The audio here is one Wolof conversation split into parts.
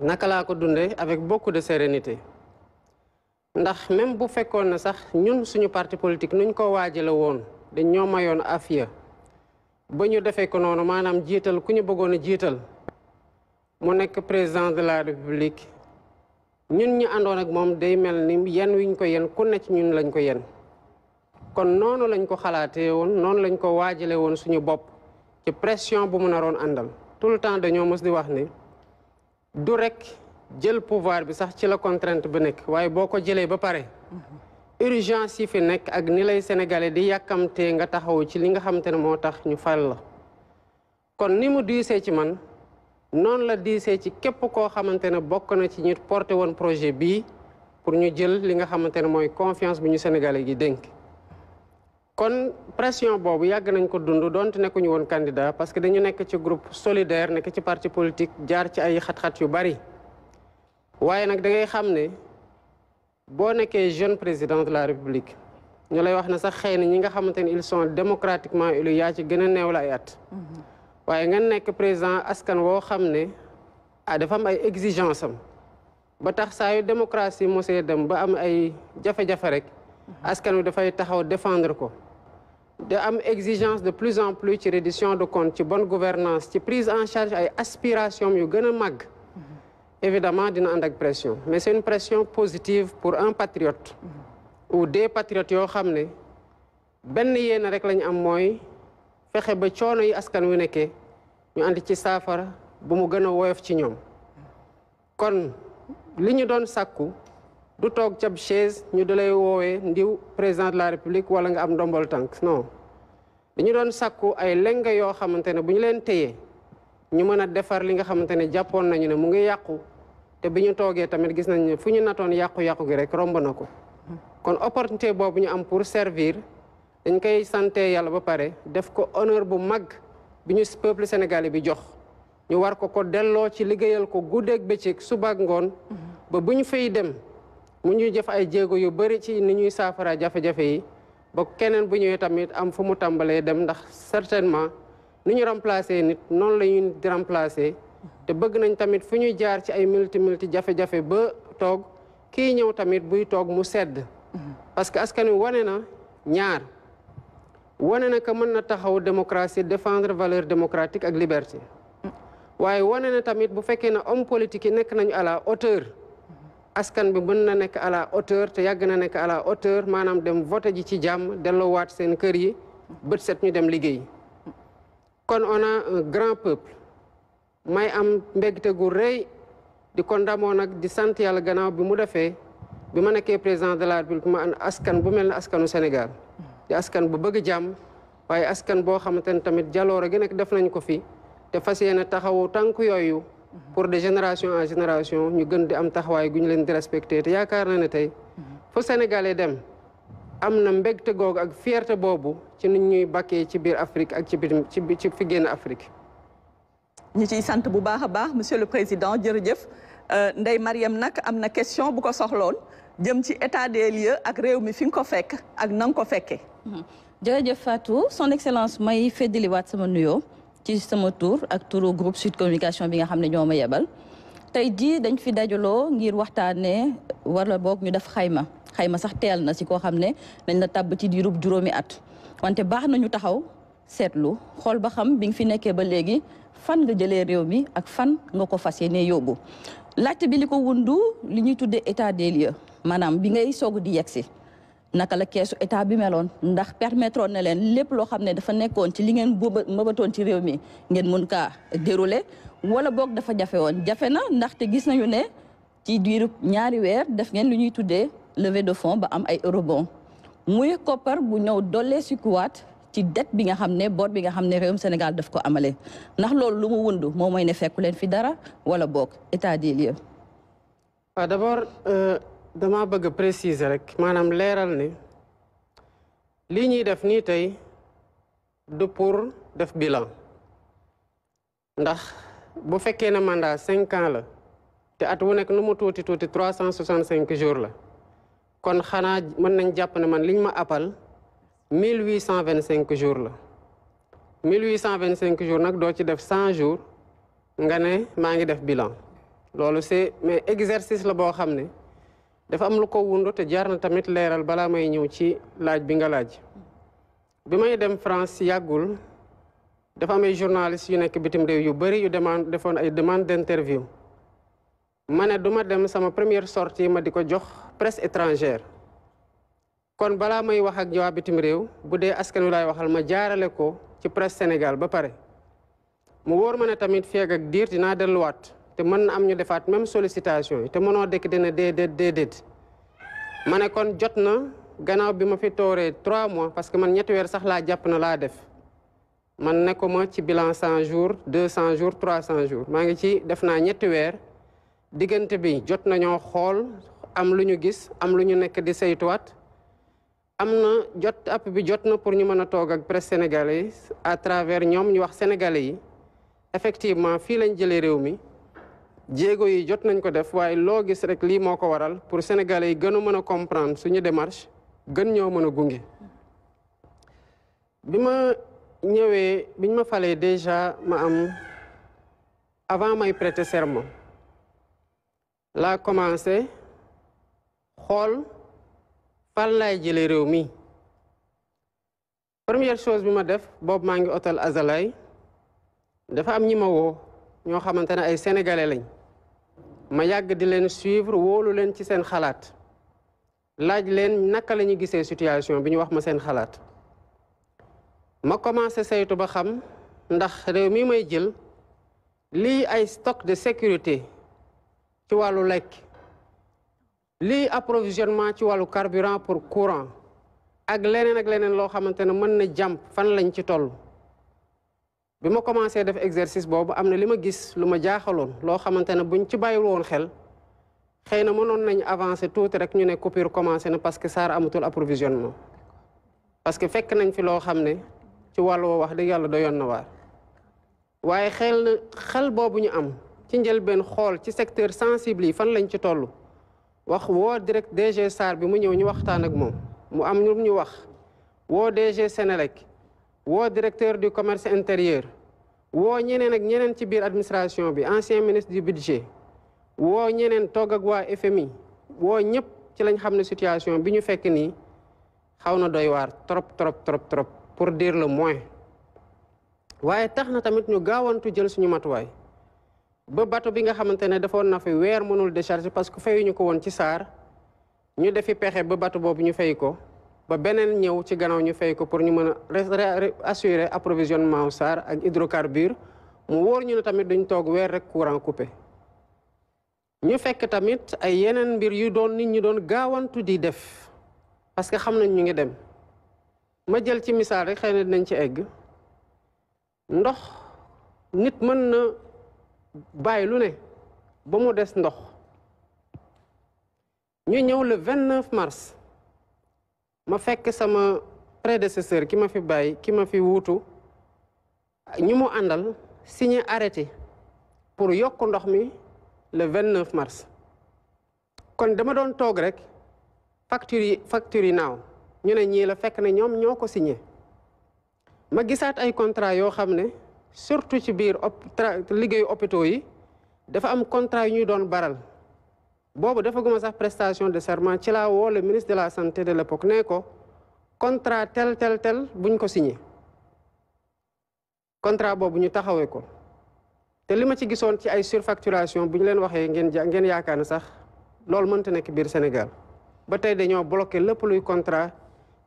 naka laa ko dundee avec bokk de sérénité ndax même bu fekkoon na sax ñun suñu parti politique nuñ ko waajale woon dañ ñoo mayoon afiya ba ñu defee ko noonu maanaam jiital ku ñu bëggoon a jiital mu nekk président de la république ñun ñu àndoon ak moom day mel ni yenn wiñ ko yenn ku na ci ñun lañ ko yen kon noonu lañ ko xalaatee woon noonu lañ ko waajale woon suñu bopp ci pression bu mu na roon àndal tout le temps dañoo mës di wax ni du rek jël pouvoir bi sax ci la contrainte bi nekk waaye boo ko jëlee ba pare urgence yi fi nekk ak ni lay sénégalais di yàkkamtee nga taxaw ci li nga xamante te ne moo tax ñu fal la kon ni mu diisee ci man noonu la diisee ci képp koo xamante ne bokk na ci ñu porté woon projet bii pour ñu jël li nga xamante ne mooy confiance bu ñu sénégalais gi dénk kon pression boobu yàgg nañ ko dund donte nekkuñu woon candidat parce que dañu nekk ci groupe solidaire nekk ci parti politique jaar ci ay xat-xat yu bari waaye nag da ngay xam ne boo nekkee jeune président de la république ñu lay wax ne sax xëy na ñi nga xamante il son sont démocratiquement élus yaa ci gën a néew ay at. waaye nga nekk président askan woo xam ne ah dafa am ay exigence am ba tax saa yu démocratie mosee dem ba am ay jafe-jafe rek mhm. askan wi dafay taxaw défendre ko. de am exigence de plus en plus ci reddition de compte ci bonne gouvernance ci prise en charge ay aspiration yu gën a màgg mm-hmm. évidemment dina ànd ak pression mais c'est une pression positive pour un patriote mm-hmm. ou des patriotes yoo xam ne benn yéen rek lañu am mooy fexe ba coono yi askan wi nekkee ñu ànd ci saafara bu mu gën a woyof ci ñoom kon li ñu doon sàkku du toog cab chaise ñu dalay woowee ndiw président de la république wala nga am ndombal tànk non dañu doon sàkku ay leng yoo xamante ne bu ñu leen teyee ñu mën a defar li nga xamante ne jàppoon nañu ne mu ngi yàqu te bi ñu toogee tamit gis nañ ne fu ñu natoon yàqu-yàqu gi rek romb na ko kon opportunité boobu ñu am pour servir dañ koy sante yàlla ba pare def ko honneur bu mag bi ñu peuple sénégalais bi jox ñu war ko ko delloo ci liggéeyal ko guddeeg bëccëg suba ak ngoon ba bu ñu fay dem mu ñu jëf ay jéego yu bëri ci ni ñuy saafara jafe-jafe yi ba keneen bu ñëwee tamit am fu mu tàmbalee dem ndax certainement ni ñu remplacer nit noonu la ñuy di remplacer te bëgg nañ tamit fu ñuy jaar ci ay multi multi jafe-jafe ba toog kii ñëw tamit buy toog mu sedd. parce que askan wi wane na ñaar wane na ka mën na taxaw démocratie défendre valeur démocratique ak liberté. waaye wane na tamit bu fekkee ne homme politique yi nekk nañu à auteur askan bi mën na nekk à la hauteur te yàgg na nekk à la hauteur maanaam dem voté ji ci jàmm delloowaat seen kër yi bët set ñu dem liggéey kon ona a un grand peuple may am mbegte gu rey di ko ndamoo nag di sant yàlla gannaaw bi mu defee bi ma nekkee président de la république ma an askan bu mel ne askanu Sénégal di askan bu bëgg jàmm waaye askan boo xamante ne tamit jaloor gi nekk def nañ ko fi te fas ne taxawu tànk yooyu Mhm. pour de génération en génération ñu gën di am taxawaay gu ñu leen di respecté te yaakaar na ne tey mhm. fu Sénégalais dem am na mbegte goog ak fierté boobu ci nu ñuy bakkee ci biir Afrique ak ci biir ci fi génn Afrique. ñi ciy sant bu baax a baax monsieur le président jërëjëf euh, Ndeye Mariam nag am na question bu ko soxloon jëm ci état des lieux ak réew mi fi nga ko fekk ak na nga ko fekkee. Mhm. jërëjëf Fatou son excellence may feddaliwaat sama nuyoo. ci sama tour ak turu groupe Sud Communication bi nga xam ne ñoo ma yebal tey jii dañ fi dajaloo ngir waxtaanee wala boog ñu def xayma xayma sax teel na si koo xam ne dañ la tàbb ci diirub juróomi at wante baax nañu taxaw seetlu xool ba xam bi nga fi nekkee ba léegi fan nga jëlee réew mi ak fan nga ko fas ne yóbbu laajte bi li ko wundu li ñuy tuddee état des lieux maanaam bi ngay soog di si naka la keesu état bi meloon ndax permettre na leen lépp xam ne dafa nekkoon ci li ngeen booba mëbatoon ci réew mi ngeen mun kaa dérouler wala boog dafa jafewoon woon jafe na ndaxte gis nañu ne ci diiru ñaari weer def ngeen lu ñuy tuddee levée de fonds ba am ay eurobond muy koppar bu ñëw dollee si ci dette bi nga xam ne bor bi nga xam ne réewum Sénégal def ko amale ndax loolu lu mu wund moom mooy ne fekku leen fi dara wala boog état des lieux. waaw ah, d'abord. Euh, dama bëgg a préciser rek maanaam leeral ni lii ñuy def nii tey du pour def bilan ndax bu fekkee ne mandat cinq ans la te at wu nekk nu mu tuuti tuuti trois cent soixante cinq jours la kon xanaa mën nañ jàpp ne man liñ ma appal mille huit cent vingt cinq jours la mille huit cent vingt cinq jours nag doo ci def cent jours nga ne maa ngi def bilan loolu c'est mais exercice la boo xam ne dafa am lu ko wundu te jaar na tamit leeral balaa may ñëw ci laaj bi nga laaj bi may dem France yàggul dafa am ay journaliste yu nekk bitim réew yu bëri yu demande defoon ay demande d'interview ma ne duma dem sama première sortie ma di ko jox presse étrangère kon balaa may wax ak waa bitim réew bu dee askan wi laay waxal ma jaarale ko ci presse Sénégal ba pare mu wóor ma ne tamit feeg ak diir dinaa delluwaat te mën na am ñu defaat même sollicitation yi te mënoo dëkk dina déedéet déedéet ma ne kon jot na gannaaw bi ma fi tooree trois mois parce que man ñetti weer sax laa jàpp na laa def man nekkuma ci bilan cent jours deux cent jours trois cent jours maa ngi ci def naa ñetti weer diggante bi jot nañoo xool am lu ñu gis am lu ñu nekk di saytuwaat am na jot app bi jot na pour ñu mën a toog ak presse sénégalais à travers ñoom ñu wax sénégalais yi effectivement fii lañ jëlee réew mi jéego yi jot nañ ko def waaye loo gis rek lii moo ko waral pour sénégalais yi gën a mën a comprendre suñu démarche gën ñoo mën a gunge. bi ma ñëwee biñ ma falee déjà ma am avant may prêter serment laa commencé xool fan laay jëlee réew mi. première chose bi ma def boobu maa ngi hôtel Azalay dafa am ñi ñoo xamante ne ay sénégalais lañ ma yàgg di leen suivre woolu leen ci seen xalaat laaj leen naka la ñu gisee situation bi ñu wax ma seen xalaat ma commencé saytu ba xam ndax réew mi may jël lii ay stock de sécurité ci wàllu lekk lii approvisionnement ci wàllu carburant pour courant ak leneen ak leneen loo xamante ne mën na jàmp fan lañ ci toll bi ma commencé def exercice boobu am na li ma gis lu ma jaaxaloon loo xamante ne buñ ci bàyyi woon xel xëy na noon nañ avancer tuuti rek ñu ne coupure commencé na parce que SAR amatul approvisionnement parce que fekk nañ fi loo xam ne ci wàllu wax dëgg yàlla doyoon na waar waaye xel xel boobu ñu am ci njëlbeen xool ci secteur sensible yi fan lañ ci toll wax woo direct DG SAR bi mu ñëw ñu waxtaan ak moom mu am ñu ñu wax woo DG Sénélec woo directeur du commerce intérieur woo ñeneen ak ñeneen ci biir administration bi ancien ministre du budget woo ñeneen togg ak waa FMI woo ñëpp ci lañ xam ne situation bi ñu fekk nii xaw na doy waar trop trop trop trop pour dire le moins waaye tax na tamit ñu gaawantu jël suñu matuwaay ba bato bi nga xamante ne dafa woon na fi weer mënul décharger parce que fayuñu ko woon ci saar ñu defi pexe ba batu boobu ñu fay ko ba beneen ñëw ci gannaaw ñu fay ko pour ñu mën a assurer approvisionnement wu SAR ak hydrocarbure mu wóor ñu ne tamit duñ toog weer rek courant coupé. ñu fekk tamit ay yeneen mbir yu doon nit ñu doon gaawantu di def parce que xam nañ ñu ngi dem ma jël ci misaal rek xëy na dinañ ci egg ndox nit mën na bàyyi lu ne ba mu des ndox ñu ñëw le 29 mars. ma fekk sama prédécesseur ki ma fi bàyyi ki ma fi wuutu ñi mu àndal signé arrêté pour yokk ndox mi le 29 mars kon dama doon toog rek facture yi facture yi naaw ñu ne ñii la fekk ne ñoom ñoo ko signé ma gisaat ay contrat yoo xam ne surtout ci biir liggéeyu hôpitaux yi dafa am contrat yu ñu doon baral boobu defaguma sax prestation de serment ci laa woo le ministre de la santé de l'époque nee ko contrat tel tel tel buñ ko signé contrat boobu ñu taxawee ko te li ma ci gisoon ci ay surfacturation bu ñu leen waxee ngeen ja yaakaar ne sax lool mënta nekk biir Sénégal ba tey dañoo bloqué lépp luy contrat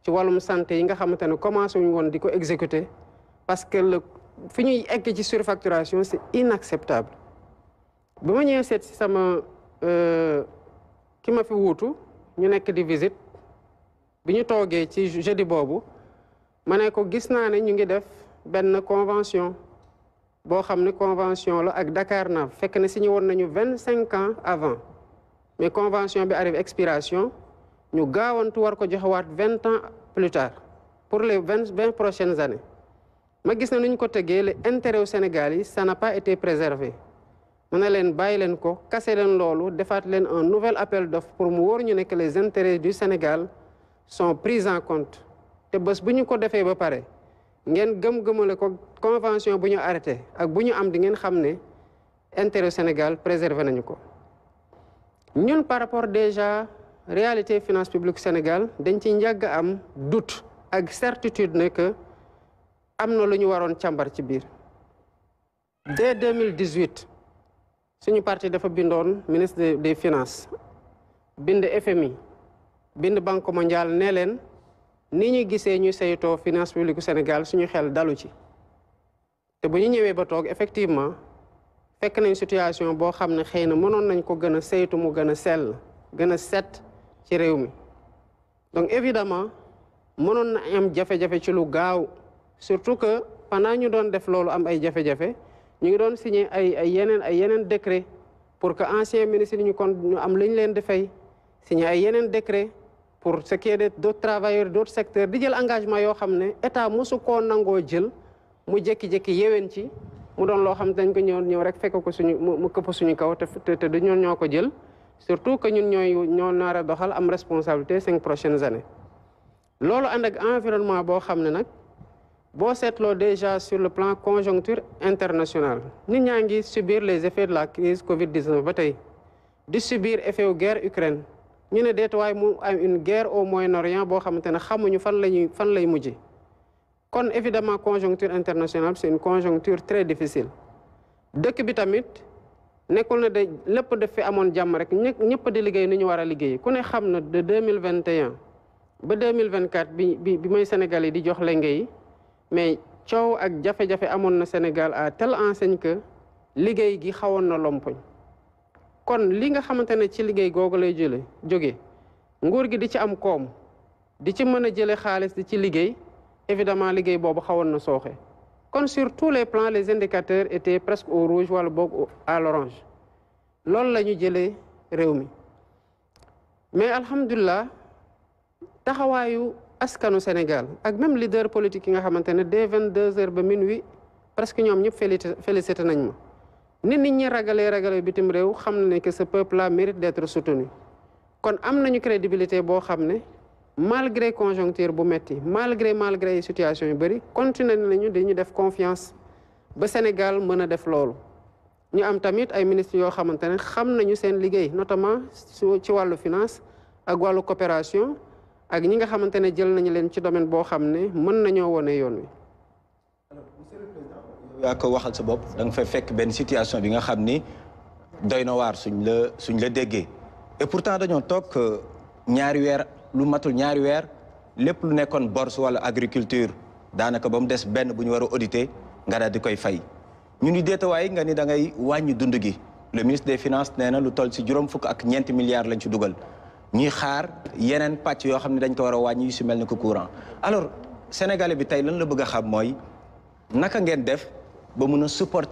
ci wàllum santé yi nga xamante ne commencé wuñu woon di ko exécuter parce que le fi ñuy egg ci surfacturation c'est inacceptable bi ma ñëwee seet si sama Euh, ki ma fi wutu ñu nekk di visite bi ñu toogee ci jeudi boobu ma ne ko gis naa ne ñu ngi def benn convention boo xam ne convention la ak Dakar na fekk ne si signé woon nañu vingt cinq ans avant mais convention bi arrive expiration ñu gaawantu war ko joxewaat vingt ans plus tard pour les vingt vingt prochaines années ma gis ne nu ko tegee les intérêts au Sénégal yi ça n'a pas été préservé mu ne leen bàyyi leen ko kase leen loolu defaat leen un nouvel appel d'offre pour mu wóor ñu ne que les intérêts du Sénégal sont pris en compte te bés bu ñu ko defee ba pare ngeen gëm-gëmale ko convention bu ñu arrêté ak bu ñu am di ngeen xam ne intérêt Sénégal préservé nañu ko ñun par rapport déjà réalité finance publique Sénégal dañ ci njàgg am doute ak certitude ne que am na lu ñu waroon càmbar ci biir dès 2018 suñu parti dafa bindoon ministre des finances bind FMI bind banque mondiale nee leen ni ñu gisee ñu saytoo finance publique bu Sénégal suñu xel dalu ci te bu ñu ñëwee ba toog effectivement fekk nañ situation boo xam ne xëy na mënoon nañ ko gën a saytu mu gën a sell gën a set ci réew mi donc évidemment mënoon na am jafe-jafe ci lu gaaw surtout que pendant ñu doon def loolu am ay jafe-jafe ñu ngi doon signé ay ay yeneen ay yeneen décret pour que ancien ministre yi ñu kon ñu am li ñu leen di fay signé ay yeneen décret pour ce qui de d' autres travailleurs d' autres secteurs di jël engagement yoo xam ne état mosu koo nangoo jël mu jékki-jékki yéwén ci mu doon loo xam ne dañ ko ñëw ñëw rek fekk ko suñu mu këpp suñu kaw te te du ñoon ñoo ko jël surtout que ñun ñooy ñoo naar doxal am responsabilité cinq prochaines années loolu ànd ak environnement boo xam ne nag boo seetloo déjà sur le plan conjoncture internationale nit ñaa ngi subir les effets de la crise Covid-19 ba tey di subir effet wu guerre Ukraine ñu ne deet waaye mu am une guerre au Moyen-Orient boo xamante ne xamuñu fan lañuy fan lay mujj kon évidemment conjoncture internationale c'est une conjoncture très difficile dëkk bi tamit nekkul na de lépp daf fi amoon jàmm rek ñëpp di liggéey ni ñu war a liggéey ku ne xam na de mille vingt et ba deux mille vingt quatre bi bi bi may Sénégal yi di jox lenge yi mais coow ak jafe-jafe amoon na Sénégal à telle enseigne que liggéey gi xawoon na lompoñ kon li nga xamante ne ci liggéey googu lay jële jóge nguur gi di ci am koom di ci mën a jële xaalis di ci liggéey évidemment liggéey boobu xawoon na sooxe kon surtout les plans les indicateurs étaient presque au rouge wala boog à l'orange loolu la ñu jëlee réew mi mais alhamdulilah taxawaayu askanu Sénégal ak même leader politique yi nga xamante ne dès vingt deux heures ba minuit presque ñoom ñëpp félicité félicité nañ ma ni nit ñi ragalee ragalee bitim réew xam na ne que ce peuple là mérite d'être soutenu kon am nañu crédibilité boo xam ne malgré conjoncture bu metti malgré malgré situation yu bëri continué nañu dañu def confiance ba Sénégal mën a def loolu ñu am tamit ay ministres yoo xamante ne xam nañu seen liggéey notamment ci wàllu finance ak wàllu coopération ak ñi nga xamante ne jël nañu leen ci domaine boo xam ne mën nañoo wone yoon wi. waxal sa bopp da nga fay fekk benn situation bi nga xam ni doy na waar suñ la suñ la déggee et pourtant dañoo toog euh, ñaari weer lu matul ñaari weer lépp lu nekkoon borse wala agriculture daanaka ba mu des benn bu ñu war a auditer nga daal di koy fay ñu ni déetawaay nga ni da ngay wàññi dund gi le ministre des finances nee na lu tol si juróom fukk ak ñeenti milliards lañ ci dugal. ñuy xaar yeneen pàcc yoo xam ne dañ ko war a wàññi si mel ni ko courant alors sénégalais bi tey lan la bëgg a xam mooy naka ngeen def ba mun a supporter